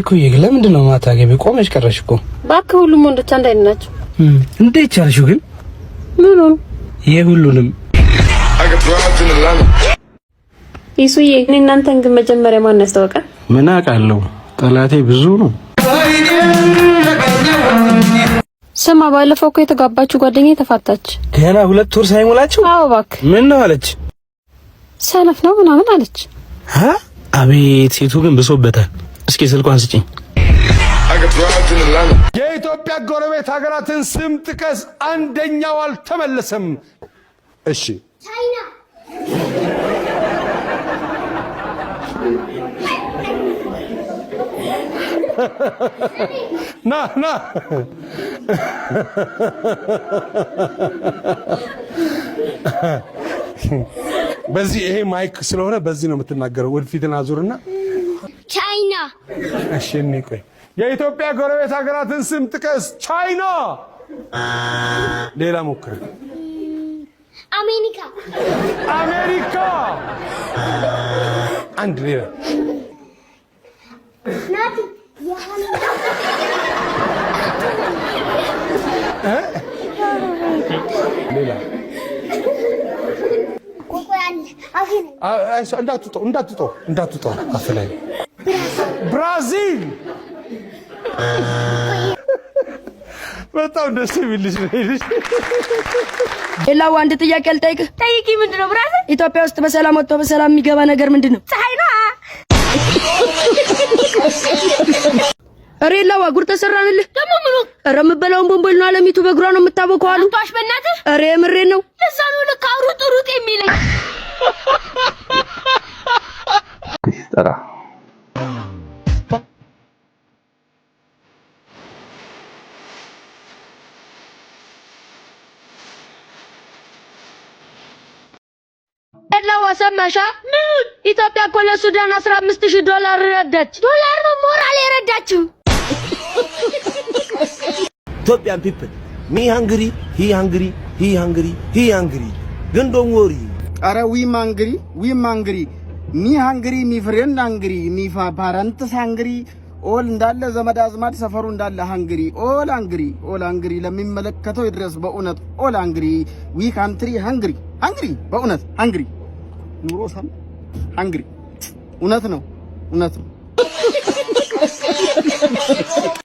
እኩዬ ግን ለምንድን ነው ማታ ገቢ ቆመሽ ቀረሽ እኮ? እባክህ ሁሉም ወንዶች አንድ አይነት ናቸው። እንዴት ቻልሽው ግን? ምን የሁሉንም ይሱዬ እኔ እናንተን ግን መጀመሪያ ማን ያስታወቀን? ምን አውቃለሁ፣ ጠላቴ ብዙ ነው። ስማ ባለፈው እኮ የተጋባችሁ ጓደኛዬ ተፋታች። ገና ሁለት ወር ሳይሞላችሁ? አዎ እባክህ። ምን ነው አለች? ሰነፍ ነው ምናምን አለች። አቤት ሴቱ ግን ብሶበታል። እስኪ ስልኳን ስጪኝ። የኢትዮጵያ ጎረቤት ሀገራትን ስም ጥቀስ። አንደኛው አልተመለሰም። እሺ ና ና በዚህ ይሄ ማይክ ስለሆነ በዚህ ነው የምትናገረው። ወደፊት አዙርና ዙርና ቻይና። እሺ ቆይ የኢትዮጵያ ጎረቤት ሀገራትን ስም ጥቀስ። ቻይና። ሌላ ሞክር። አሜሪካ። አሜሪካ። አንድ ሌላ ናቲ ሌላ እንዳትጦ እንዳትጦ እንዳትጦ አፍ ላይ ብራዚል በጣም ደስ የሚል ልጅ። ሌላው አንድ ጥያቄ ልጠይቅህ። ጠይቂ። ምንድን ነው ብራዘር? ኢትዮጵያ ውስጥ በሰላም ወጥቶ በሰላም የሚገባ ነገር ምንድን ነው? ፀሐይ ነው። ሬላ ጉር ተሰራንልህ ደግሞ ምኑ? ኧረ የምበላውን ቦምቦል ነው አለሚቱ በእግሯ ነው የምታቦከው አሉ። ታሽ በእናትህ ሬ ምሬ ነው። ለዛ ነው ልክ አውሩጥ ሩጥ የሚለኝ ጠራ ሰማሻ? ምን? ኢትዮጵያ እኮ ለሱዳን አስራ ሺህ ዶላር ረዳች። ዶላር ነው ሞራል የረዳችው። ኢትዮጵያን ፒፕል ሚ ሃንግሪ ሂ ሃንግሪ ሂ ሃንግሪ ሂ ሃንግሪ ግን ዶንት ወሪ። አረ ዊ ማንግሪ ዊ ማንግሪ ሚ ሃንግሪ ሚ ፍሬንድ ሃንግሪ ሚ ፓረንትስ ሃንግሪ ኦል እንዳለ ዘመድ አዝማድ ሰፈሩ እንዳለ ሃንግሪ ኦል ሃንግሪ ኦል ሃንግሪ ለሚመለከተው ይድረስ በእውነት ኦል ሃንግሪ ዊ ካንትሪ ሃንግሪ ሃንግሪ በእውነት ሃንግሪ ኑሮ ሰም ሃንግሪ እውነት ነው፣ እውነት ነው።